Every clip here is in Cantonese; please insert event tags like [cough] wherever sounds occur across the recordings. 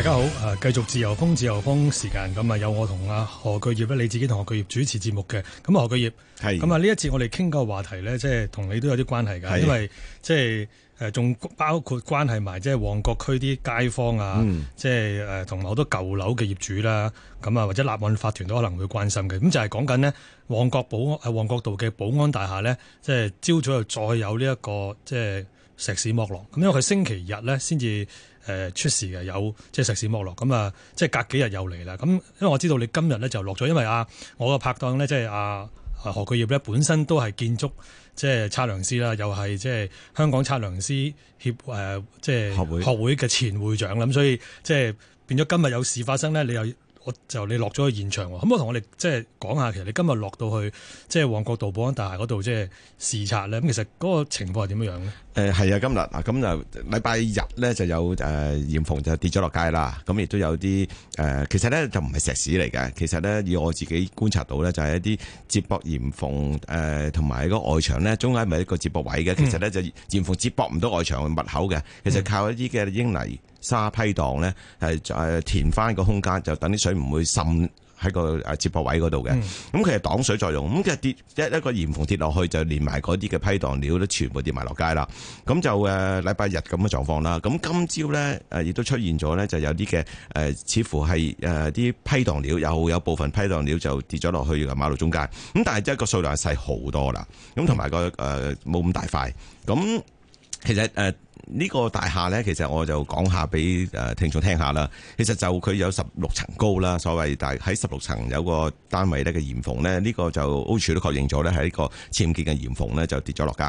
大家好，誒，繼續自由風自由風時間，咁啊有我同阿何巨業咧，你自己同何巨業主持節目嘅，咁何巨業係，咁啊呢一次我哋傾個話題咧，即係同你都有啲關係嘅，是因為即係誒仲包括關係埋即係旺角區啲街坊啊，嗯、即係誒同埋好多舊樓嘅業主啦，咁啊或者立案法團都可能會關心嘅，咁就係講緊呢，旺角寶安誒旺角道嘅寶安大廈咧，即係朝早又再有呢、這、一個即係石屎剝落，咁因為佢星期日咧先至。誒出事嘅有即係石屎剝落，咁啊即係隔幾日又嚟啦。咁因為我知道你今日咧就落咗，因為啊，我個拍檔咧即係啊，何巨業咧，本身都係建築即係測量師啦，又係即係香港測量師協誒即係學會嘅前會長咁，會所以即係變咗今日有事發生咧，你又我就你落咗去現場喎。咁我同我哋即係講下，其實你今日落到去即係旺角道寶安大廈嗰度即係視察咧，咁其實嗰個情況係點樣樣咧？誒係啊！今日啊，咁就禮拜日咧就有誒簷篷就跌咗落街啦。咁亦都有啲誒、呃，其實咧就唔係石屎嚟嘅。其實咧以我自己觀察到咧，就係、是、一啲接駁簷篷誒，同埋喺個外牆咧，中間係咪一個接駁位嘅。其實咧、嗯、就簷篷接駁唔到外牆嘅物口嘅，其實靠一啲嘅英泥沙批盪咧，係、呃、誒填翻個空間，就等啲水唔會滲。喺個誒接駁位嗰度嘅，咁佢，嗯、其實擋水作用，咁其實跌一一個鹽縫跌落去就連埋嗰啲嘅批盪料都全部跌埋落街啦，咁就誒禮拜日咁嘅狀況啦，咁今朝咧誒亦都出現咗咧，就有啲嘅誒似乎係誒啲批盪料，又有，有部分批盪料就跌咗落去馬路中間，咁但係即係個數量係細好多啦，咁同埋個誒冇咁大塊，咁其實誒。呃呢個大廈呢，其實我就講下俾誒聽眾聽下啦。其實就佢有十六層高啦，所謂大喺十六層有個單位呢，嘅簷篷呢，呢個就屋署都確認咗呢係呢個僭建嘅簷篷呢，就跌咗落街。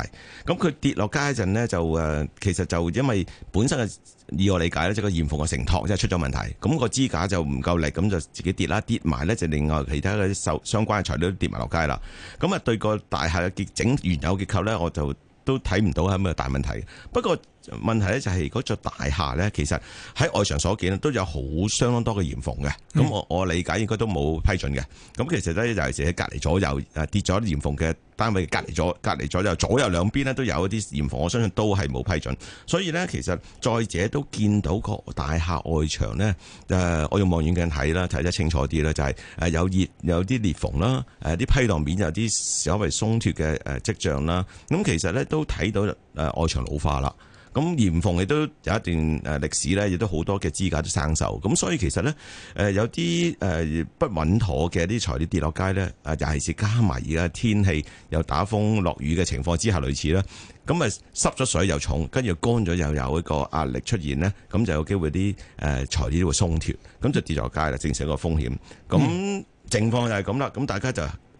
咁佢跌落街嗰陣咧就誒，其實就因為本身嘅以我理解呢，即係個簷篷嘅承托即係出咗問題，咁個支架就唔夠力，咁就自己跌啦，跌埋呢，就另外其他嘅相關嘅材料都跌埋落街啦。咁啊對個大廈嘅結整原有結構呢，我就都睇唔到係咪大問題。不過問題咧就係、是、嗰座大廈咧，其實喺外牆所見咧都有好相當多嘅簷篷嘅。咁我、嗯、我理解應該都冇批准嘅。咁其實咧就係喺隔籬左右誒跌咗啲簷篷嘅單位，隔籬左隔籬左右左右兩邊咧都有一啲簷篷，我相信都係冇批准。所以咧，其實再者都見到個大廈外牆咧，誒，我用望遠鏡睇啦，睇得清楚啲咧，就係、是、誒有，有裂有啲裂縫啦，誒啲批蕩面有啲所謂鬆脫嘅誒迹象啦。咁其實咧都睇到誒外牆老化啦。咁簷篷亦都有一段誒歷史咧，亦都好多嘅支架都生銹。咁所以其實咧，誒有啲誒不穩妥嘅啲材料跌落街咧，誒尤其是加埋而家天氣又打風落雨嘅情況之下類似啦。咁啊濕咗水又重，跟住乾咗又有一個壓力出現咧，咁就有機會啲誒材料會鬆脱，咁就跌落街啦。正係一個風險。咁情況就係咁啦。咁大家就。誒誒，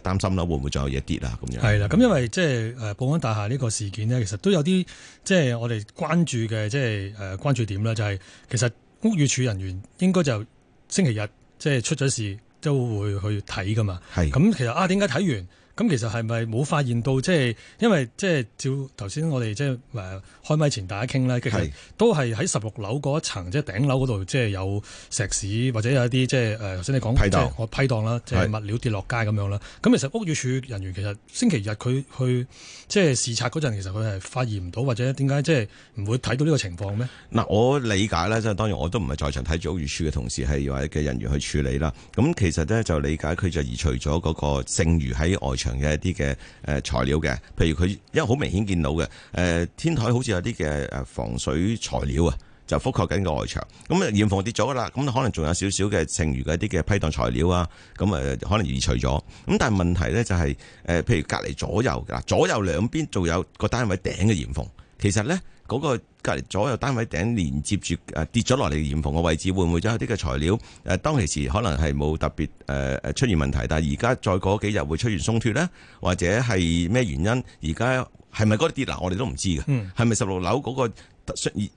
擔、呃、心啦，會唔會再有嘢跌啊？咁樣係啦，咁因為即係誒，保安大廈呢個事件呢，其實都有啲即係我哋關注嘅，即係誒關注點啦，就係，就係其實屋宇署人員應該就星期日即係、就係、出咗事都會去睇噶嘛。係咁的，其實啊，點解睇完？咁其實係咪冇發現到即係，因為即係照頭先我哋即係開麥前大家傾咧，其實都係喺十六樓嗰一層即係頂樓嗰度，即係有石屎或者有一啲即係誒頭先你講即係我批檔啦，即係物料跌落街咁樣啦。咁是的 其實屋宇署人員其實星期日佢去即係視察嗰陣，其實佢係發現唔到或者點解即係唔會睇到呢個情況咩？嗱、啊，我理解咧，即係當然我都唔係在場睇住屋宇署嘅同事係嘅人員去處理啦。咁其實咧就理解佢就移除咗嗰個剩餘喺外牆。嘅一啲嘅誒材料嘅，譬如佢因為好明顯見到嘅，誒、呃、天台好似有啲嘅誒防水材料啊，就覆蓋緊個外牆，咁啊簷篷跌咗啦，咁可能仲有少少嘅剩餘嘅一啲嘅批盪材料啊，咁啊可能移除咗，咁但係問題咧就係、是、誒，譬如隔籬左右嗱，左右兩邊仲有個單位頂嘅簷篷，其實咧。嗰個隔離左右單位頂連接住誒跌咗落嚟嘅簷篷嘅位置，會唔會有啲嘅材料誒當其時可能係冇特別誒誒出現問題，但係而家再過幾日會出現鬆脱咧，或者係咩原因？而家係咪嗰啲跌嗱？我哋都唔知嘅，係咪十六樓嗰個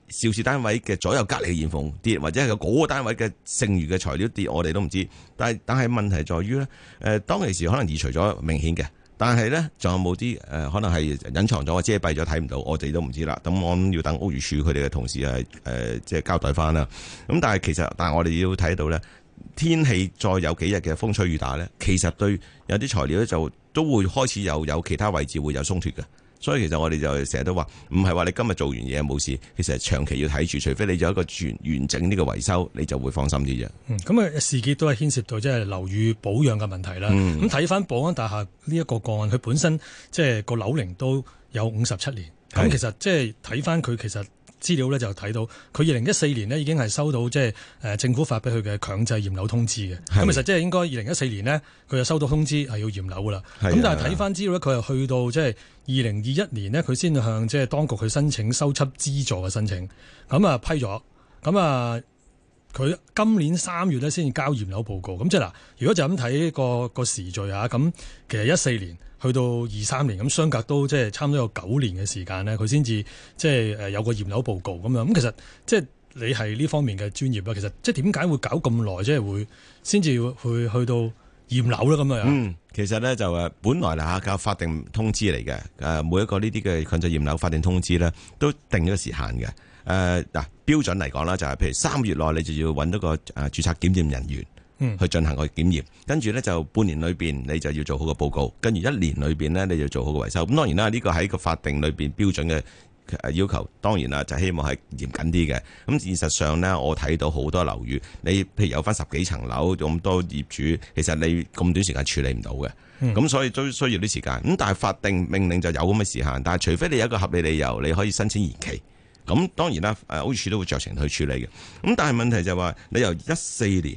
肇事單位嘅左右隔離簷篷跌，或者係嗰個單位嘅剩餘嘅材料跌？我哋都唔知。但係但係問題在於咧，誒當其時可能移除咗明顯嘅。但係呢，仲有冇啲誒？可能係隱藏咗，遮蔽咗睇唔到，我哋都唔知啦。咁我諗要等屋宇署佢哋嘅同事係誒、呃，即係交代翻啦。咁但係其實，但係我哋要睇到呢，天氣再有幾日嘅風吹雨打呢，其實對有啲材料呢，就都會開始有，有其他位置會有鬆脱嘅。所以其實我哋就成日都話，唔係話你今日做完嘢冇事，其實長期要睇住，除非你有一個完完整呢個維修，你就會放心啲啫。嗯，咁啊事件都係牽涉到即係樓宇保養嘅問題啦。咁睇翻保安大廈呢一個個案，佢本身即係、就是、個樓齡都有五十七年，咁的其實即係睇翻佢其實。資料咧就睇到佢二零一四年咧已經係收到即係誒政府發俾佢嘅強制驗樓通知嘅，咁是的 其實即係應該二零一四年呢，佢就收到通知係要驗樓噶啦。咁是的 但係睇翻資料咧，佢係去到即係二零二一年呢，佢先向即係、呃、當局去申請修葺資助嘅申請，咁啊批咗，咁啊佢今年三月咧先交驗樓報告。咁即係嗱，如果就咁睇、嗰個、嗰個時序啊，咁其實一四年。去到二三年咁，相隔都即係差唔多有九年嘅時間咧，佢先至即係誒有個驗樓報告咁樣。咁其實即係你係呢方面嘅專業啦。其實即係點解會搞咁耐，即係會先至去去到驗樓咧咁樣啊？嗯，其實咧就誒，本來啦嚇，個法定通知嚟嘅。誒，每一個呢啲嘅強制驗樓法定通知咧，都定咗時限嘅。誒、呃、嗱，標準嚟講啦，就係譬如三月內你就要搵到個誒註冊檢驗人員，去進行個檢驗，跟住呢就半年裏邊，你就要做好個報告；跟住一年裏邊呢你就做好個維修。咁當然啦，呢個喺個法定裏邊標準嘅要求，當然啦就希望係嚴謹啲嘅。咁事實上呢，我睇到好多樓宇，你譬如有返十幾層樓，咁多業主，其實你咁短時間處理唔到嘅，咁、嗯、所以都需要啲時間。咁但係法定命令就有咁嘅時間，但係除非你有一個合理理由，你可以申請延期。咁當然啦，屋宇署都會酌情去處理嘅。咁但係問題就係話，你由一四年。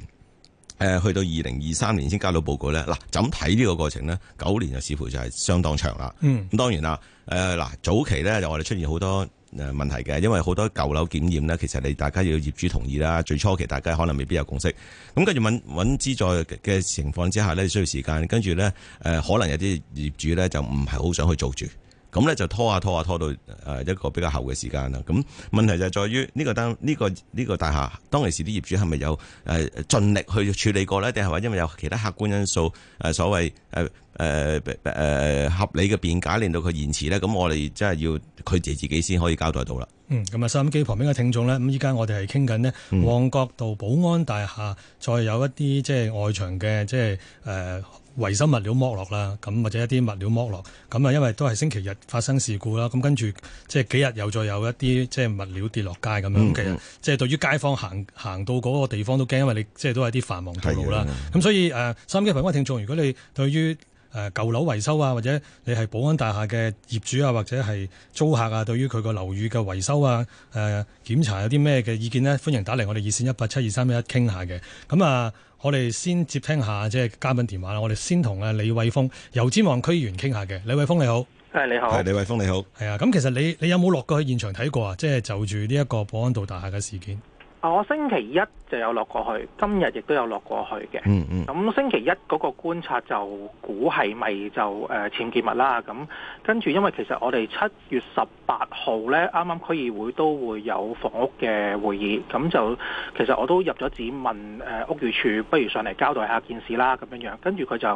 誒，去到二零二三年先交到報告咧，嗱，咁睇呢個過程咧，九年就似乎就係相當長啦。嗯，咁當然啦。誒，嗱，早期咧就我哋出現好多誒問題嘅，因為好多舊樓檢驗咧，其實你大家要業主同意啦。最初期大家可能未必有共識，咁跟住揾揾資助嘅情況之下咧，需要時間。跟住咧，誒，可能有啲業主咧就唔係好想去做住。咁咧就拖下拖下拖到誒一個比較後嘅時間啦。咁問題就係在於呢個單呢個呢個大廈當其時啲業主係咪有誒盡力去處理過呢？定係話因為有其他客觀因素誒所謂誒誒誒合理嘅辯解，令到佢延遲咧？咁我哋真係要佢哋自己先可以交代到啦、嗯嗯。嗯，咁、嗯、啊，收音機旁邊嘅聽眾咧，咁依家我哋係傾緊呢旺角道寶安大廈，再有一啲即係外牆嘅即係誒。維修物料剝落啦，咁或者一啲物料剝落，咁啊因為都係星期日發生事故啦，咁跟住即係幾日又再有一啲即係物料跌落街咁樣，嗯、其實即係對於街坊行行到嗰個地方都驚，因為你即係都係啲繁忙道路啦，咁的所以誒、嗯、收音機朋友聽眾，如果你對於誒、啊、舊樓維修啊，或者你係寶安大廈嘅業主啊，或者係租客啊，對於佢個樓宇嘅維修啊、誒、啊、檢查有啲咩嘅意見呢？歡迎打嚟我哋熱線一八七二三一一傾下嘅。咁啊，我哋先接聽下即係嘉賓電話啦。我哋先同啊李偉峰，油尖旺區議員傾下嘅。李偉峰你好，誒你好，係李偉峰你好，係啊。咁其實你你有冇落過去現場睇過啊？即係就住呢一個寶安道大廈嘅事件。我星期一就有落過去，今日亦都有落過去嘅，嗯。嗯嗯。咁星期一嗰個觀察就估係咪就誒、呃、潛結物僭建物啦？咁、嗯、跟住，因為其實我哋七月十八號呢啱啱區議會都會有房屋嘅會議，咁、嗯、就其實我都入咗紙問誒、呃、屋宇署，不如上嚟交代下件事啦咁樣樣。跟住佢就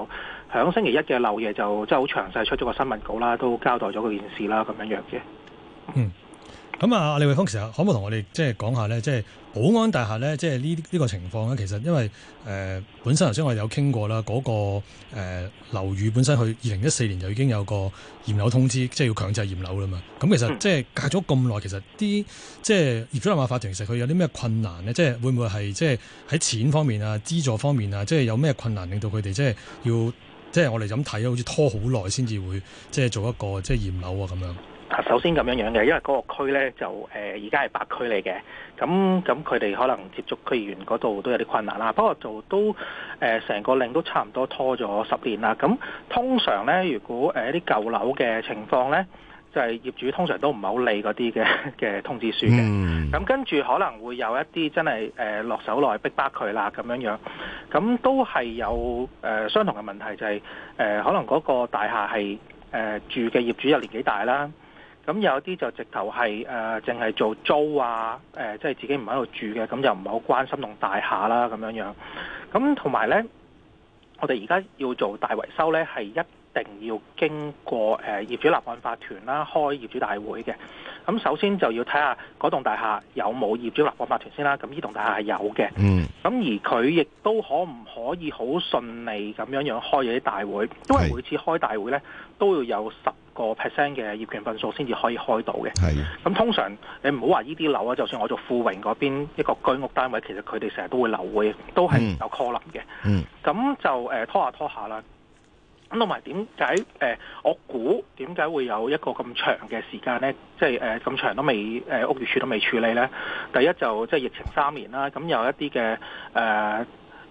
響星期一嘅漏夜就即係好詳細出咗個新聞稿啦，都交代咗個件事啦咁樣樣嘅。嗯。咁啊、嗯，李偉峰，其實可唔可以同我哋即係講下咧，即係寶安大廈咧，即係呢呢個情況咧，其實因為誒、呃、本身頭先我哋有傾過啦，嗰、那個誒、呃、樓宇本身佢二零一四年就已經有個驗樓通知，即係要強制驗樓啦嘛。咁其實即係隔咗咁耐，其實啲即係業主立案法團，其實佢有啲咩困難咧？即係會唔會係即係喺錢方面啊、資助方面啊，即係有咩困難令到佢哋即係要即係我哋咁睇好似拖好耐先至會即係做一個即係驗樓啊咁樣。首先咁樣樣嘅，因為嗰個區咧就誒而家係白區嚟嘅，咁咁佢哋可能接觸區議員嗰度都有啲困難啦。不過就都誒成、呃、個令都差唔多拖咗十年啦。咁通常咧，如果一啲、呃、舊樓嘅情況咧，就係、是、業主通常都唔係好理嗰啲嘅嘅通知書嘅。咁跟住可能會有一啲真係誒、呃、落手內逼巴佢啦咁樣樣。咁都係有誒、呃、相同嘅問題、就是，就係誒可能嗰個大廈係誒、呃、住嘅業主有年紀大啦。呃咁有啲就直頭係誒，淨、呃、係做租啊，誒、呃，即係自己唔喺度住嘅，咁就唔係好關心棟大廈啦咁樣樣。咁同埋咧，我哋而家要做大維修咧，係一定要經過誒、呃、業主立案法團啦，開業主大會嘅。咁首先就要睇下嗰棟大廈有冇業主立案法團先啦。咁呢棟大廈係有嘅。嗯。咁而佢亦都可唔可以好順利咁樣樣開咗啲大會？因為每次開大會咧，是都要有十。個 percent 嘅業權份數先至可以開到嘅。係的。咁通常你唔好話依啲樓啊，就算我做富榮嗰邊一個居屋單位，其實佢哋成日都會流會，都係有可能嘅。嗯。咁就誒、呃、拖下拖下啦。咁同埋點解誒？我估點解會有一個咁長嘅時間咧？即係誒咁長都未誒、呃、屋宇署都未處理咧。第一就即係、就是、疫情三年啦。咁有一啲嘅誒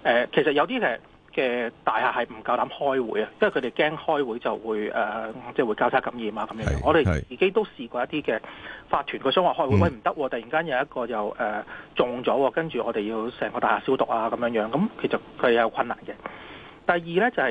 誒，其實有啲誒。嘅大廈係唔夠膽開會啊，因為佢哋驚開會就會誒，即、呃、係、就是、會交叉感染啊咁樣。我哋自己都試過一啲嘅法團嘅商話開會，喂唔得，突然間有一個又誒、呃、中咗、啊，跟住我哋要成個大廈消毒啊咁樣樣。咁、嗯、其實佢有困難嘅。第二呢，就係、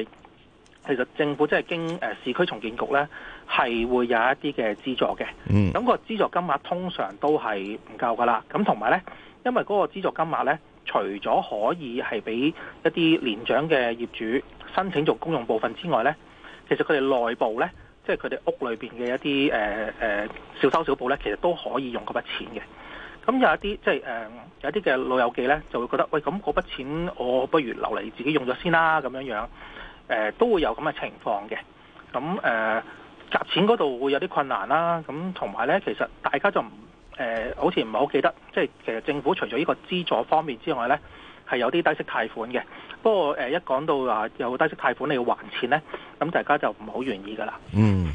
是、其實政府即係經誒、呃、市區重建局呢，係會有一啲嘅資助嘅，咁、嗯、個資助金額通常都係唔夠㗎啦。咁同埋呢，因為嗰個資助金額呢。除咗可以係俾一啲年長嘅業主申請做公用部分之外呢，其實佢哋內部呢，即係佢哋屋裏邊嘅一啲誒誒小修小補呢，其實都可以用嗰筆錢嘅。咁有一啲即係誒有一啲嘅老友記呢，就會覺得喂，咁嗰筆錢我不如留嚟自己用咗先啦咁樣樣。誒、呃、都會有咁嘅情況嘅。咁誒夾錢嗰度會有啲困難啦、啊。咁同埋呢，其實大家就唔～誒、呃，好似唔係好記得，即係其實政府除咗呢個資助方面之外咧，係有啲低息貸款嘅。不過誒，一講到話有低息貸款你要還錢咧，咁大家就唔係好願意噶啦。嗯，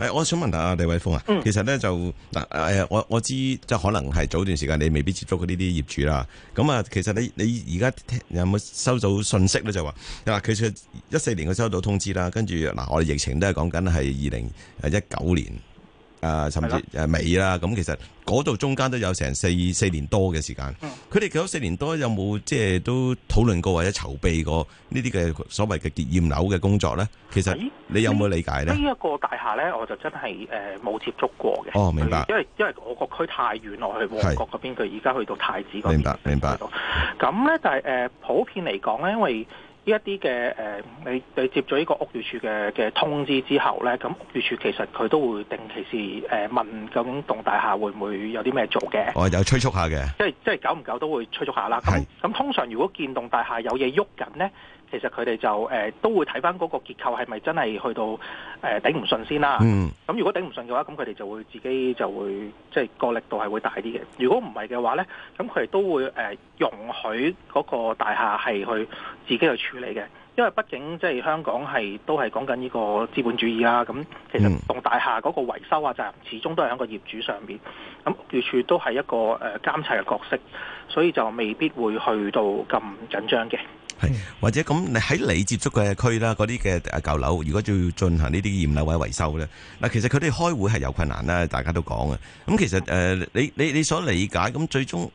誒、哎，我想問下李偉峰啊，嗯、其實咧就嗱誒，我我知即係可能係早段時間你未必接觸過呢啲業主啦。咁啊，其實你你而家聽有冇收到訊息咧？就話嗱，其實一四年佢收到通知啦，跟住嗱我哋疫情都係講緊係二零誒一九年。啊，甚至誒尾啦，咁的、啊、其實嗰度中間都有成四四年多嘅時間。佢哋搞咗四年多，有冇即係都討論過或者籌備過呢啲嘅所謂嘅結驗樓嘅工作咧？其實你有冇理解咧？呢一個大廈咧，我就真係誒冇接觸過嘅。哦，明白。因為因為我個區太遠，我去旺角嗰邊，佢而家去到太子嗰邊。明，明白明白。咁咧，但係誒、呃、普遍嚟講咧，因為。呢一啲嘅誒，你你接咗呢個屋宇署嘅嘅通知之後咧，咁屋宇署其實佢都會定期時誒、呃、問究竟棟大廈會唔會有啲咩做嘅。哦，有催促下嘅。即係即係久唔久都會催促下啦。咁咁是通常如果見棟大廈有嘢喐緊咧。其實佢哋就誒、呃、都會睇返嗰個結構係咪真係去到誒、呃、頂唔順先啦。咁、嗯、如果頂唔順嘅話，咁佢哋就會自己就會即係個力度係會大啲嘅。如果唔係嘅話咧，咁佢哋都會誒、呃、容許嗰個大廈係去自己去處理嘅。因為畢竟即係香港係都係講緊呢個資本主義啦、啊。咁其實棟大廈嗰個維修啊責任始終都係喺個業主上邊。咁屋宇署都係一個誒、呃、監察嘅角色，所以就未必會去到咁緊張嘅。係，或者咁你喺你接觸嘅區啦，嗰啲嘅舊樓，如果要進行呢啲驗樓或者維修咧，嗱，其實佢哋開會係有困難啦，大家都講嘅。咁其實誒，你你你所理解咁最終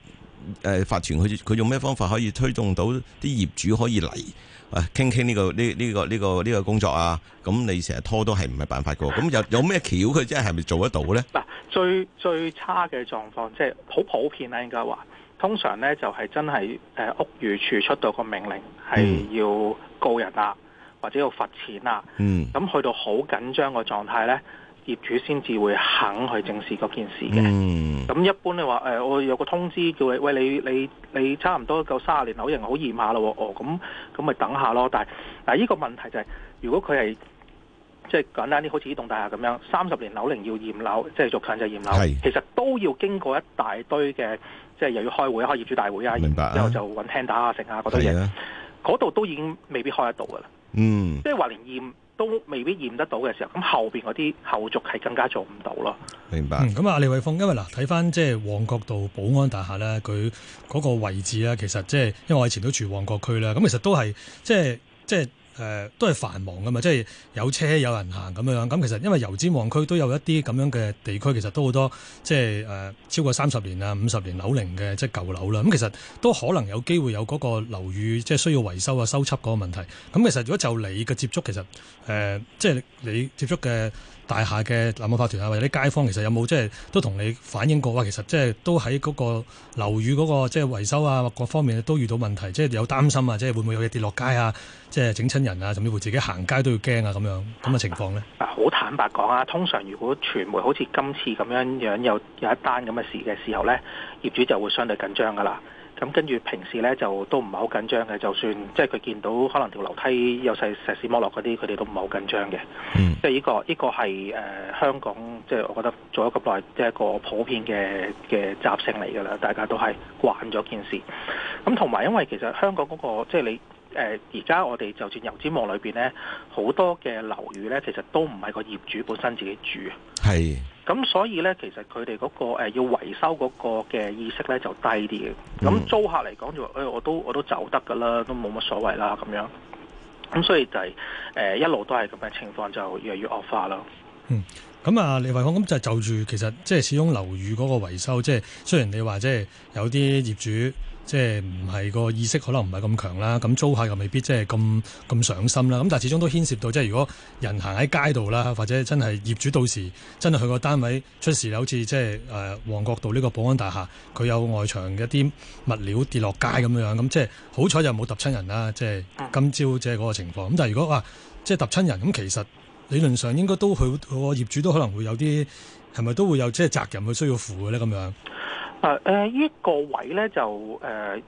誒法團佢佢用咩方法可以推動到啲業主可以嚟啊，傾傾呢個呢呢個呢個呢個工作啊？咁你成日拖都係唔係辦法嘅？咁有有咩橋佢真係係咪做得到咧？嗱，最最差嘅狀況即係好普遍啦，應該話。通常咧就係，是，真係誒屋宇署出到個命令，係要告人啊，或者要罰錢啊。嗯，咁去到好緊張個狀態咧，業主先至會肯去正視嗰件事嘅。嗯，咁一般你話誒，呃，我有個通知叫你，喂，你你你差唔多夠三廿年樓齡好驗下咯。哦，咁咁咪等下咯。但係但係，依個問題就係，是，如果佢係即係簡單啲，好似呢棟大廈咁樣，三十年樓齡要驗樓，即係做強制驗樓，是其實都要經過一大堆嘅。即係又要開會，開業主大會，明白啊，然之後就揾聽打啊，剩啊，嗰啲嘢，嗰度都已經未必開得到噶啦。嗯，即係話連驗都未必驗得到嘅時候，咁後邊嗰啲後續係更加做唔到咯。明白。咁啊、嗯，李偉峰，因為嗱，睇翻即係旺角道寶安大廈咧，佢嗰個位置咧，其實即係因為我以前都住旺角區啦，咁其實都係即係即係。誒、呃、都係繁忙嘅嘛，即係有車有人行咁樣。咁、嗯、其實因為油尖旺區都有一啲咁樣嘅地區，其實都好多即係誒、呃、超過三十年啊、五十年樓齡嘅即係舊樓啦。咁、嗯、其實都可能有機會有嗰個樓宇即係需要維修啊、修葺嗰個問題。咁、嗯、其實如果就你嘅接觸，其實誒、呃、即係你接觸嘅。大廈嘅立案法團啊，或者啲街坊其實有冇即係都同你反映過啊？其實即係都喺嗰個樓宇嗰個即係維修啊，各方面都遇到問題，即係有擔心啊，即係會唔會有嘢跌落街啊？即係整親人啊，甚至乎自己行街都要驚啊咁樣，咁嘅情況咧？啊，啊，好坦白講啊，通常如果傳媒好似今次咁樣樣有有一單咁嘅事嘅時候咧，業主就會相對緊張噶啦。咁、嗯、跟住平時咧就都唔係好緊張嘅，就算即係佢見到可能條樓梯有細石屎剝落嗰啲，佢哋都唔係好緊張嘅。嗯、這個，即係呢個呢個係誒香港，即係我覺得做咗咁耐，即係一個普遍嘅嘅習性嚟㗎啦，大家都係慣咗件事。咁同埋因為其實香港嗰、嗰個即係你誒而家我哋就算油尖旺裏邊咧，好多嘅樓宇咧，其實都唔係個業主本身自己住嘅。係。咁所以咧，其實佢哋嗰個、呃、要維修嗰個嘅意識咧就低啲嘅。咁租客嚟講就話，我都我都走得噶啦，都冇乜所謂啦。咁樣，咁、嗯、所以就係、是、誒、呃、一路都係咁嘅情況，就越嚟越惡化咯、嗯。嗯，咁、嗯、啊，李偉峰，咁、嗯、就就住其實即係始終樓宇嗰個維修，即係雖然你話即係有啲業主。即係唔係個意識可能唔係咁強啦，咁租客又未必即係咁咁上心啦。咁但係始終都牽涉到即係如果人行喺街度啦，或者真係業主到時真係去個單位出事，好似即係誒旺角道呢個寶安大廈，佢有外牆嘅一啲物料跌落街咁樣，咁即係好彩就冇揼親人啦。即係今朝即係嗰個情況。咁但係如果話，即係揼親人，咁其實理論上應該都好個業主都可能會有啲係咪都會有即係責任去需要負嘅咧咁樣。啊誒呢個位咧就誒，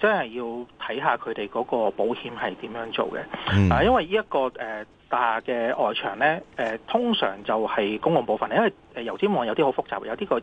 真係要睇下佢哋嗰個保險係點樣做嘅。啊，因為呢一個誒大廈嘅外牆咧，誒通常就係公共部分，因為誒油尖旺有啲好複雜，有啲個誒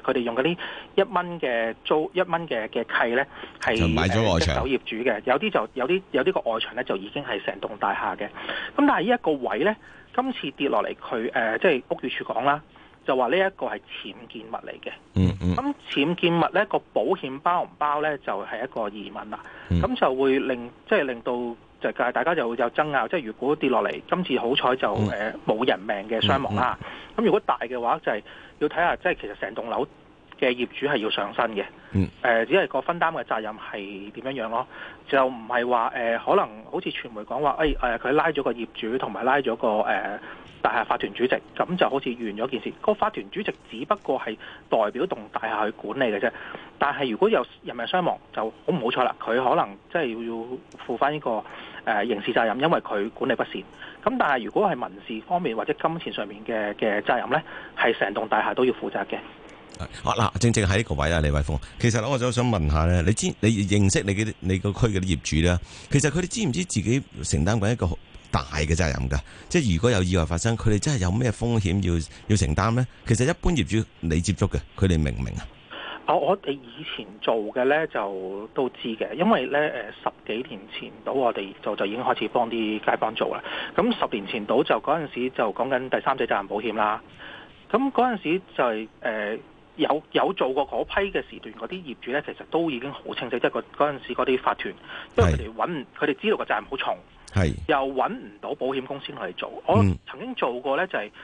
佢哋用嗰啲一蚊嘅租一蚊嘅嘅契咧，係買咗外牆，有業主嘅，有啲就有啲有啲個外牆咧就已經係成棟大廈嘅。咁但係呢一個位咧，今次跌落嚟佢誒，即係屋宇署講啦。就話、嗯嗯、呢一個係僭建物嚟嘅，咁僭建物咧個保險包唔包咧就係、是、一個疑問啦，咁、嗯、就會令即係、就是、令到就係大家就會有爭拗，即、就、係、是、如果跌落嚟，今次好彩就誒冇、嗯呃、人命嘅傷亡啦，咁、嗯嗯嗯、如果大嘅話就係、是、要睇下即係、就是、其實成棟樓。嘅業主係要上身嘅，誒、呃、只係個分擔嘅責任係點樣樣咯？就唔係話誒，可能好似傳媒講話，誒誒佢拉咗個業主，同埋拉咗個誒、呃、大廈法團主席，咁就好似完咗件事。個法團主席只不過係代表棟大廈去管理嘅啫。但係如果有人命傷亡，就好唔好彩啦。佢可能即係要要負翻呢個誒、呃、刑事責任，因為佢管理不善。咁但係如果係民事方面或者金錢上面嘅嘅責任咧，係成棟大廈都要負責嘅。好嗱，正正喺呢個位啊，李偉峰。其實我就想問下咧，你知你認識你啲你個區嘅啲業主咧，其實佢哋知唔知自己承擔緊一個大嘅責任噶？即係如果有意外發生，佢哋真係有咩風險要要承擔呢？其實一般業主你接觸嘅，佢哋明唔明啊？我哋以前做嘅呢就都知嘅，因為呢，誒十幾年前到我哋就就已經開始幫啲街坊做啦。咁十年前到就嗰陣時就講緊第三者責任保險啦。咁嗰陣時就係、是、誒。呃有有做過嗰批嘅時段嗰啲業主咧，其實都已經好清晰，即係嗰嗰陣時嗰啲法團，是因為佢哋揾唔，佢哋知道個責任好重，是又揾唔到保險公司嚟做。我曾經做過咧、就是，就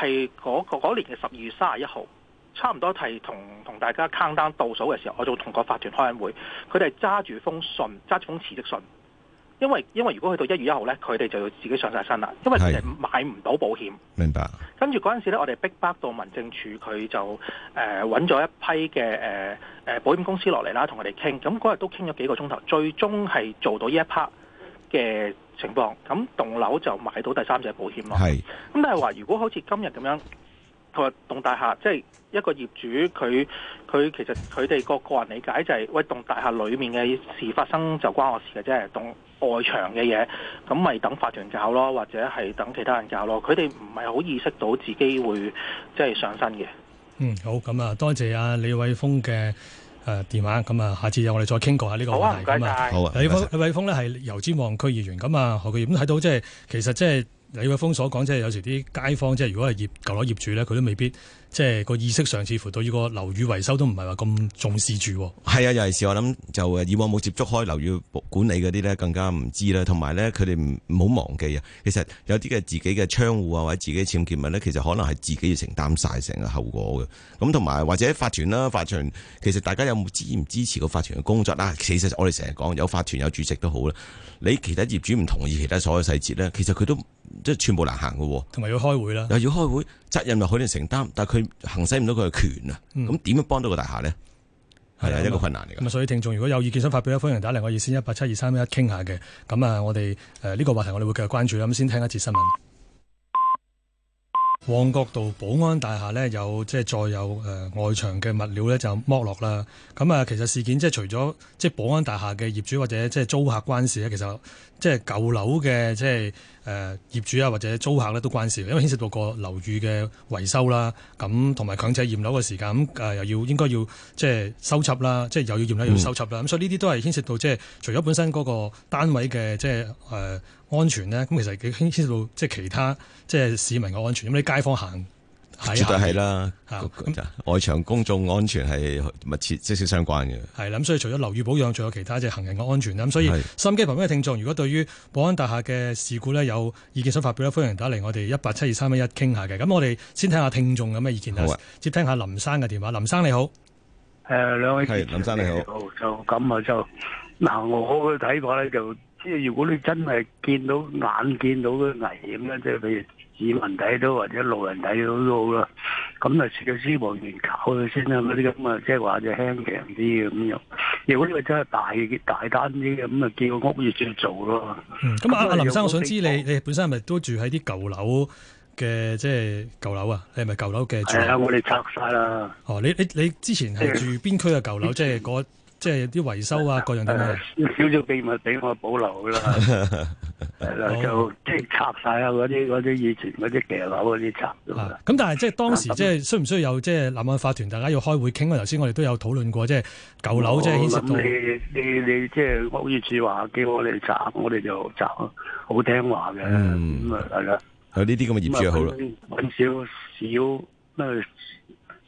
係係嗰年嘅十二月三十一號，差唔多係同同大家坑單倒數嘅時候，我就同個法團開緊會，佢哋揸住封信，揸住封辭職信。因為因為如果去到一月一號咧，佢哋就要自己上晒身啦，因為買唔到保險。明白。跟住嗰陣時咧，我哋逼爆到民政處，佢就誒揾咗一批嘅誒誒保險公司落嚟啦，同我哋傾。咁嗰日都傾咗幾個鐘頭，最終係做到呢一 part 嘅情況。咁棟樓就買到第三者保險咯。係是。咁但係話，如果好似今日咁樣。佢話棟大廈，即係一個業主，佢佢其實佢哋個個人理解就係，喂，棟大廈裡面嘅事發生就關我事嘅啫，棟外牆嘅嘢咁咪等法團搞咯，或者係等其他人搞咯。佢哋唔係好意識到自己會即係上身嘅。嗯，好，咁啊，多謝阿李偉峰嘅誒電話。咁啊，下次有我哋再傾過下呢個問題。好啊，唔該曬。咁樣，謝謝李偉峰咧，係油尖旺區議員，咁啊何巨業都睇到，即係其實即係。李偉峰所講，即係有時啲街坊，即係如果係業舊樓業主咧，佢都未必。即係個意識上，似乎對呢個樓宇維修都唔係話咁重視住。係啊，尤其是我諗就以往冇接觸開樓宇管理嗰啲咧，更加唔知啦。同埋咧，佢哋唔好忘記啊，其實有啲嘅自己嘅窗戶啊，或者自己嘅僭建物咧，其實可能係自己要承擔晒成個後果嘅。咁同埋或者法團啦、法團，其實大家有冇支唔支持個法團嘅工作啊？其實我哋成日講有法團有主席都好啦。你其他業主唔同意其他所有細節咧，其實佢都即係全部難行嘅。同埋要開會啦，又要開會，責任又可以承擔，但係佢。行使唔到佢嘅權啊，咁點樣幫到個大廈呢？係啊，一個困難嚟嘅。咁、嗯嗯、所以聽眾如果有意見想發表，歡迎打嚟我熱線一八七二三一傾下嘅。咁啊，我哋誒呢個話題我哋會繼續關注啦。咁先聽一次新聞。旺角道寶安大廈呢，有即係再有誒外牆嘅物料咧就剝落啦。咁啊，其實事件即係除咗即係寶安大廈嘅業主或者即係租客關事咧，其實即係舊樓嘅即係。誒業主啊，或者租客咧都關事，因為牽涉到個樓宇嘅維修啦，咁同埋強制驗樓嘅時間，咁誒又要應該要即係修葺啦，即係又要驗樓要修葺啦，咁、嗯、所以呢啲都係牽涉到即係除咗本身嗰個單位嘅即係誒安全咧，咁其實幾牽涉到即係其他即係市民嘅安全，咁你街坊行。絕對係啦，係外牆公眾安全係密切息息相關嘅。係啦，咁所以除咗樓宇保養，仲有其他即係行人嘅安全啦。咁所以收音機旁邊嘅聽眾，如果對於寶安大廈嘅事故咧有意見想發表咧，歡迎打嚟我哋一八七二三一一傾下嘅。咁我哋先聽下聽眾有咩意見好，接聽下林生嘅電話。林生你好，誒、呃、兩位，係林生你好，你好，就咁啊就嗱、呃，我去睇過咧就，即係如果你真係見到眼見到嘅危險咧，即係譬如。市民睇到或者路人睇到都好啦，咁啊設個消防員考佢先啦，嗰啲咁啊即係話就輕便啲嘅咁樣。如果呢個真係大大單啲嘅，咁啊叫屋要、嗯、先做咯。咁啊，阿林生，我想知你你本身係咪都住喺啲舊樓嘅，即係舊樓啊？你係咪舊樓嘅住樓？係啊，我哋拆晒啦。哦，你你你之前係住邊區嘅舊樓？即係嗰。即係啲維修啊，各樣嘢啦。少少秘密俾我保留噶啦，係啦，就即係拆晒啊！嗰啲啲以前嗰啲舊樓嗰啲拆咁，但係即係當時即係需唔需要有即係立案法團，大家要開會傾啊？頭先我哋都有討論過，即係舊樓即係牽涉到你你即係好似話叫我哋拆，我哋就拆，好聽話嘅咁啊，係啦。有呢啲咁嘅業主好少少咩？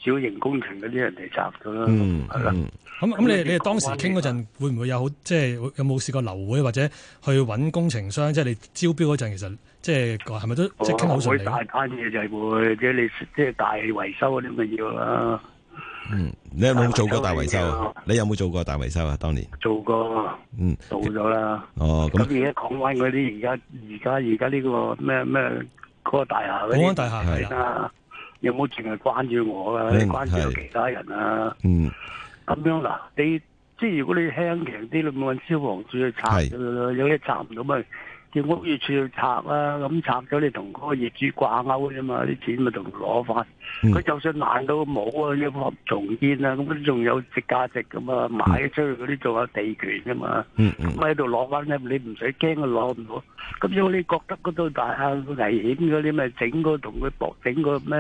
小型工程嗰啲人嚟集咗啦，係啦。咁咁你你當時傾嗰陣，會唔會有好即係有冇試過流會或者去搵工程商？即係你招標嗰陣，其實即係係咪都即係傾得好順利？會大單嘢就係會，即係你即係大維修嗰啲乜嘢啦？嗯，你有冇做過大維修？你有冇做過大維修啊？當年做過，嗯，做咗啦。哦，咁而家講返嗰啲而家而家而家呢個咩咩嗰個大廈嗰啲？寶安大廈係有冇淨係關注我啊？你關注其他人啊？嗯，咁樣嗱、啊，你即係如果你輕強啲，你咪搵消防署去查，啊，有一查唔到咪。是啊叫屋業主去拆啦，咁拆咗你同嗰個業主掛鈎啫嘛，啲錢咪同佢攞翻。佢就算爛到冇啊，要複重建啊，咁嗰啲仲有值價值噶嘛，買出去嗰啲仲有地權噶嘛。咁喺度攞翻咧，你唔使驚佢攞唔到。咁如果你覺得嗰度大廈危險嗰啲，咪整嗰同佢博，整個咩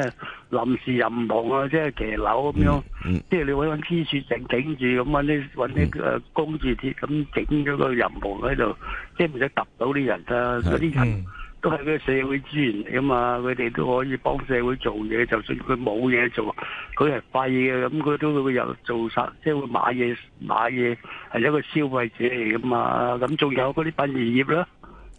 臨時人防啊，即係騎樓咁樣。即係你搵支柱整頂住咁，搵啲搵啲誒攻住鐵咁整咗個人防喺度。即係唔使揼到啲人啊！嗰啲人都係嗰個社會資源嚟噶嘛，佢哋都可以幫社會做嘢。就算佢冇嘢做，佢係廢嘅，咁佢都會有做晒，即係會買嘢買嘢係一個消費者嚟噶嘛。咁仲有嗰啲殯儀業啦。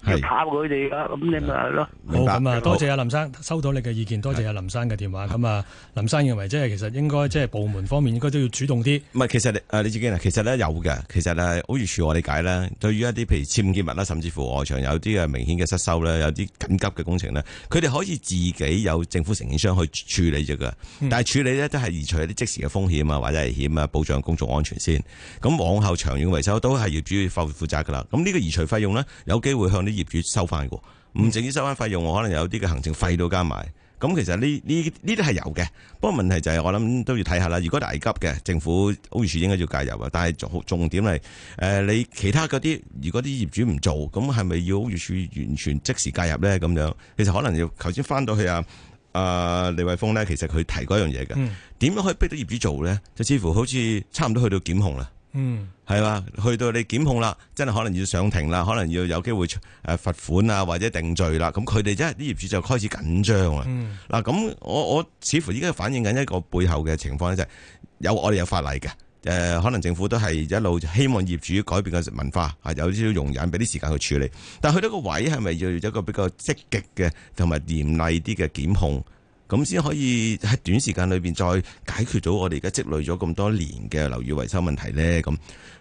係靠佢哋噶，咁你咪係咯。白好，咁啊，多謝阿林生，好收到你嘅意見，多謝阿林生嘅電話。咁啊的，林生認為即係其實應該即係部門方面應該都要主動啲。唔係，其實、呃、你自己堅其實咧有嘅，其實誒，好似據我理解啦，對於一啲譬如僭建物啦，甚至乎外牆有啲誒明顯嘅失修啦，有啲緊急嘅工程呢，佢哋可以自己有政府承建商去處理咗嘅。但係處理呢，都係移除一啲即時嘅風險啊，或者危險啊，保障公眾安全先。咁往後長遠維修都係業主要負負責噶啦。咁呢個移除費用呢，有機會向啲。業主收翻嘅喎，唔淨止收翻費用，我可能有啲嘅行政費都加埋。咁其實呢呢呢啲係有嘅，不過問題就係、是、我諗都要睇下啦。如果大危急嘅政府屋宇署應該要介入啊，但係重重點係誒你其他嗰啲，如果啲業主唔做，咁係咪要屋宇署完全即時介入咧？咁樣其實可能要頭先翻到去啊啊、呃、李偉峰咧，其實佢提嗰樣嘢嘅，點、嗯、樣可以逼到業主做咧？就似乎好似差唔多去到檢控啦。嗯，係嘛，去到你檢控啦，真係可能要上庭啦，可能要有機會誒罰款啊，或者定罪啦。咁佢哋真係啲業主就開始緊張啦。嗱，咁我我似乎依家反映緊一個背後嘅情況咧，就係、是、有我哋有法例嘅，誒、呃，可能政府都係一路希望業主改變個文化，啊，有少少容忍，俾啲時間去處理。但係去到個位係咪要一個比較積極嘅，同埋嚴厲啲嘅檢控？咁先可以喺短時間裏邊再解決到我哋而家積累咗咁多年嘅樓宇維修問題咧，咁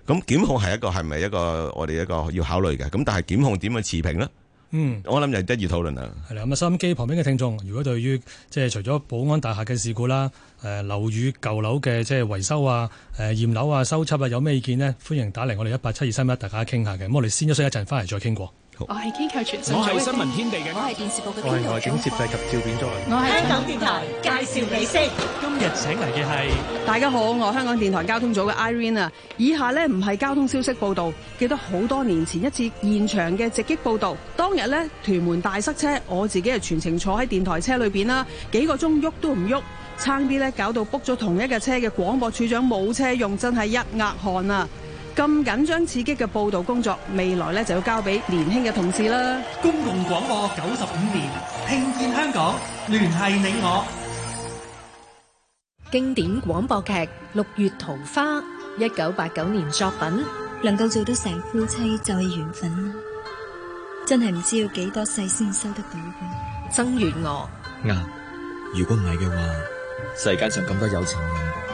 咁檢控係一個係咪一個我哋一個要考慮嘅？咁但係檢控點去持平呢？嗯，我諗又真係要討論啊！係啦、嗯，咁啊，收音機旁邊嘅聽眾，如果對於即係除咗保安大廈嘅事故啦，誒、呃，樓宇舊樓嘅即係維修啊，誒、呃，驗樓啊，修葺啊，有咩意見呢？歡迎打嚟我哋一八七二三一，大家傾下嘅。咁我哋先休息一陣，翻嚟再傾過。我係堅構全新。我係新聞天地嘅。我係電視部嘅鏡頭。我係外景攝製及照片組。我係香港電台介紹美聲。今日請嚟嘅係，大家好，我係香港電台交通組嘅 Irene 啊，以下呢唔係交通消息報道，記得好多年前一次現場嘅直擊報道，當日呢屯門大塞車，我自己係全程坐喺電台車裏邊啦，幾個鐘喐都唔喐，差啲咧搞到 book 咗同一架車嘅廣播處長冇車用，真係一額汗啊！咁緊張刺激嘅報道工作，未來咧就要交俾年輕嘅同事啦。公共廣播九十五年，聽見香港，聯繫你我。經典廣播劇《六月桃花》，一九八九年作品，能夠做到成夫妻就係緣分，真係唔知要幾多世先收得到嘅。曾月娥、啊，如果唔係嘅話，世界上咁多有情人。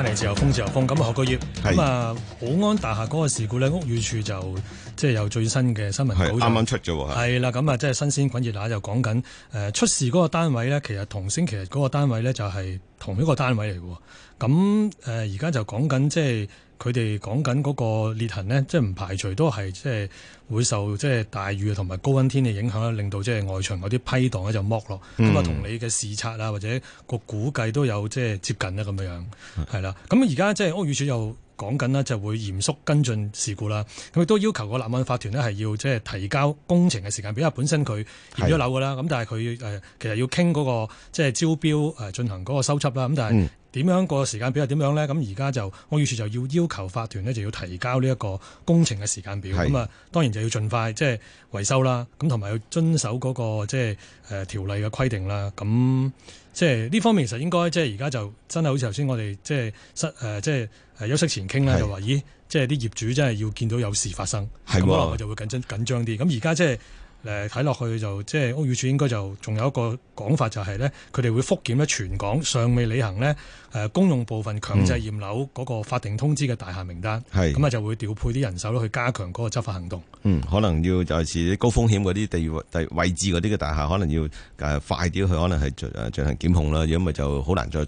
翻嚟自由風，自由風咁啊，學個業咁啊是，寶安大廈嗰個事故咧，屋宇署就即係有最新嘅新聞稿，啱啱出咗喎。係啦，咁啊，即係新鮮滾熱辣。就講緊誒出事嗰個單位咧，其實同星期日嗰個單位咧就係、是、同一個單位嚟嘅。咁、嗯、誒，而、呃、家就講緊即係。佢哋講緊嗰個裂痕咧，即係唔排除都係即係會受即係大雨啊同埋高溫天氣影響啦，令到即係外牆嗰啲批盪咧就剝落。咁啊、嗯，同你嘅視察啊或者個估計都有即係接近咧咁樣樣，係啦。咁而家即係屋宇署又講緊啦，就會嚴肅跟進事故啦。咁亦都要求個立案法團呢係要即係提交工程嘅時間表，因為本身佢驗咗樓噶啦，咁的但係佢誒其實要傾嗰、那個即係、就是、招標誒進行嗰個修葺啦。咁但係、嗯。點樣個時間表係點樣咧？咁而家就我於是就要要求法團咧，就要提交呢一個工程嘅時間表。咁啊是，當然就要盡快即係維修啦。咁同埋要遵守嗰個即係誒條例嘅規定啦。咁即係呢方面其實應該即係而家就真係好似頭先我哋即係失誒即係休息前傾啦，是就話咦，即係啲業主真係要見到有事發生，咁的可能我就會緊張緊張啲。咁而家即係。誒睇落去就即係屋宇署應該就仲有一個講法，就係呢，佢哋會複檢呢全港尚未履行呢誒公用部分強制驗樓嗰個法定通知嘅大廈名單，係咁啊，就會調配啲人手去加強嗰個執法行動，嗯，可能要就似啲高風險嗰啲地位地位置嗰啲嘅大廈可能要誒快啲去，可能係進行檢控啦。如果唔係就好難再。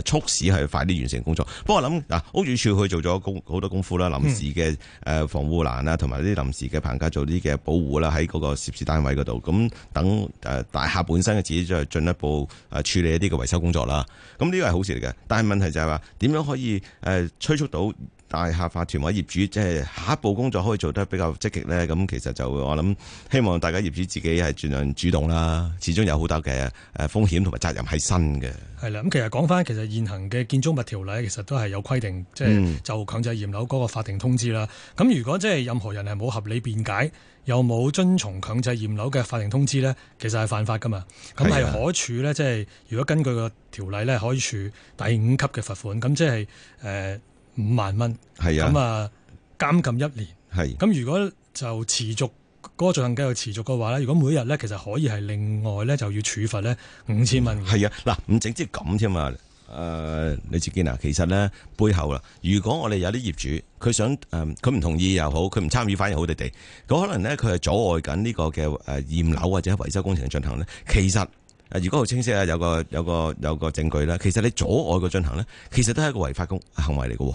誒促使係快啲完成工作，不過我諗嗱，屋宇署去做咗工好多功夫啦，臨時嘅誒防護欄啊，同埋啲臨時嘅棚架做啲嘅保護啦，喺嗰個涉事單位嗰度，咁等誒大廈本身嘅自己再進一步誒處理一啲嘅維修工作啦。咁呢個係好事嚟嘅，但係問題就係話點樣可以誒催促到大廈法團或者業主，即係下一步工作可以做得比較積極咧。咁其實就我諗，希望大家業主自己係盡量主動啦。始終有好多嘅誒風險同埋責任喺身嘅。係啦，咁其實講翻，其實現行嘅建築物條例其實都係有規定，即、就、係、是、就強制驗樓嗰個法定通知啦。咁、嗯、如果即係任何人係冇合理辯解，又冇遵從強制驗樓嘅法定通知呢，其實係犯法噶嘛。咁係可處呢？的即係如果根據個條例呢，可以處第五級嘅罰款。咁即係誒。呃五萬蚊，係啊，咁啊監禁一年，係、啊。咁如果就持續嗰、那個罪行繼續持續嘅話咧，如果每日咧，其實可以係另外咧就要處罰咧五千蚊。係、嗯、啊，嗱，唔整即係咁啫嘛。誒，你自見啊，其實咧背後啊，如果我哋有啲業主，佢想誒佢唔同意又好，佢唔參與反而好地地，佢可能咧佢係阻礙緊呢個嘅誒驗樓或者維修工程進行咧，其實。 [laughs] 啊！如果好清晰啊，有個有個有個證據啦。其實你阻礙個進行咧，其實都係一個違法嘅行為嚟嘅。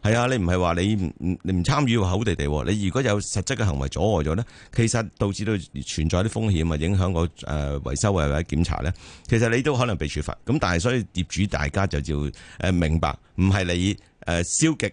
係啊、嗯，你唔係話你唔你唔參與又好地地。你如果有實質嘅行為阻礙咗咧，其實導致到存在啲風險啊，影響個誒維修或者檢查咧，其實你都可能被處罰。咁但係所以業主大家就要誒明白，唔係你誒、呃、消極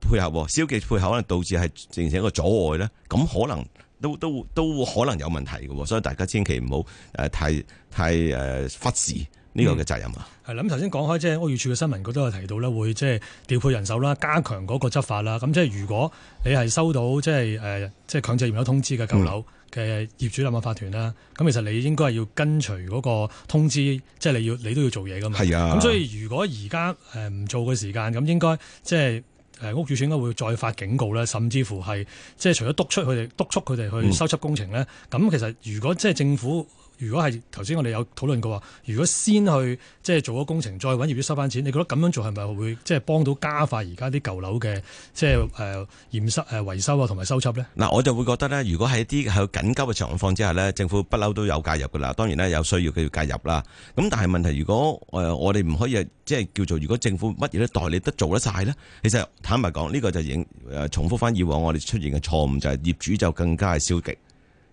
配合，消極配合可能導致係形成一個阻礙咧，咁可能，都都都可能有問題嘅，所以大家千祈唔好誒太太誒、呃、忽視呢個嘅責任啊。係，諗頭先講開即係屋宇署嘅新聞，佢都有提到咧，會即係調配人手啦，加強嗰個執法啦。咁即係如果你係收到即係誒、呃、即係強制驗樓通知嘅舊樓嘅業主立案法團啦，咁、嗯、其實你應該係要跟隨嗰個通知，即係你要你都要做嘢㗎嘛。係啊的。咁所以如果而家誒唔做嘅時間，咁應該即係。誒屋宇署應該會再發警告咧，甚至乎係即係除咗督，督促佢哋督促佢哋去修葺工程咧。咁、嗯、其實如果即係政府，如果係頭先我哋有討論過話，如果先去即係做咗工程，再揾業主收翻錢，你覺得咁樣做係咪會即係幫到加快而家啲舊樓嘅即係誒、呃、驗失誒、呃、維修啊同埋修葺咧？嗱、嗯，我就會覺得咧，如果喺啲係緊急嘅情況之下咧，政府不嬲都有介入嘅啦。當然咧，有需要佢要介入啦。咁但係問題，如果誒我哋唔可以即係叫做，如果政府乜嘢都代理得做得晒咧，其實坦白講，呢、這個就已經重複翻以往我哋出現嘅錯誤，就係、是、業主就更加係消極，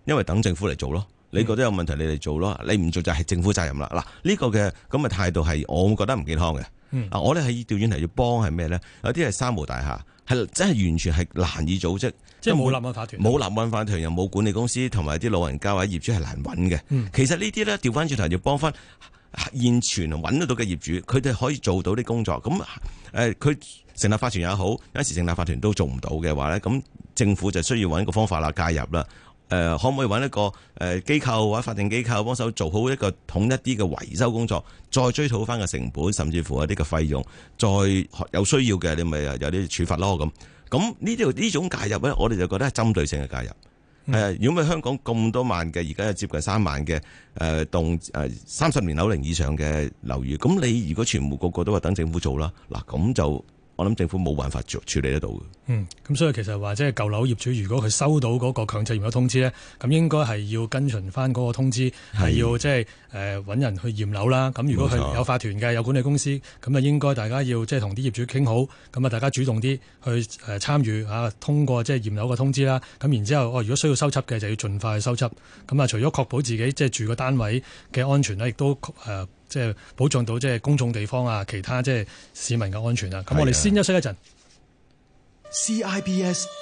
因為等政府嚟做咯。你覺得有問題，你嚟做咯。你唔做就係政府責任啦。嗱，呢、這個嘅咁嘅態度係我覺得唔健康嘅。啊、嗯，我哋係調轉頭要幫係咩咧？有啲係三無大廈，係真係完全係難以組織，即係冇立案法團，冇立案法團又冇管理公司，同埋啲老人家或者業主係難揾嘅。嗯、其實呢啲咧調翻轉頭要幫翻現存揾得到嘅業主，佢哋可以做到啲工作。咁、嗯、誒，佢、呃、成立法團也好，有時成立法團都做唔到嘅話咧，咁政府就需要揾個方法啦，介入啦。誒可唔可以揾一個誒機構或者法定機構幫手做好一個統一啲嘅維修工作，再追討翻個成本，甚至乎一啲嘅費用，再有需要嘅你咪有啲處罰咯咁。咁呢啲呢種介入咧，我哋就覺得係針對性嘅介入。誒、嗯，如果咪香港咁多萬嘅，而家又接近三萬嘅誒棟誒三十年樓齡以上嘅樓宇，咁你如果全部個個都話等政府做啦，嗱咁就。我諗政府冇辦法處理得到嘅。嗯，咁所以其實話即係舊樓業主，如果佢收到嗰個強制驗樓通知咧，咁應該係要跟隨翻嗰個通知，係是要即係誒搵人去驗樓啦。咁如果佢有法團嘅，有管理公司，咁啊應該大家要即係同啲業主傾好，咁啊大家主動啲去誒參與吓，通過即係驗樓嘅通知啦。咁然之後，我、呃、如果需要收葺嘅，就要儘快去收葺。咁啊，除咗確保自己即係、就是、住嘅單位嘅安全咧，亦都誒。呃即係保障到即係公眾地方啊，其他即係市民嘅安全啊。咁我哋先休息一陣。CIBS 的。 [noise]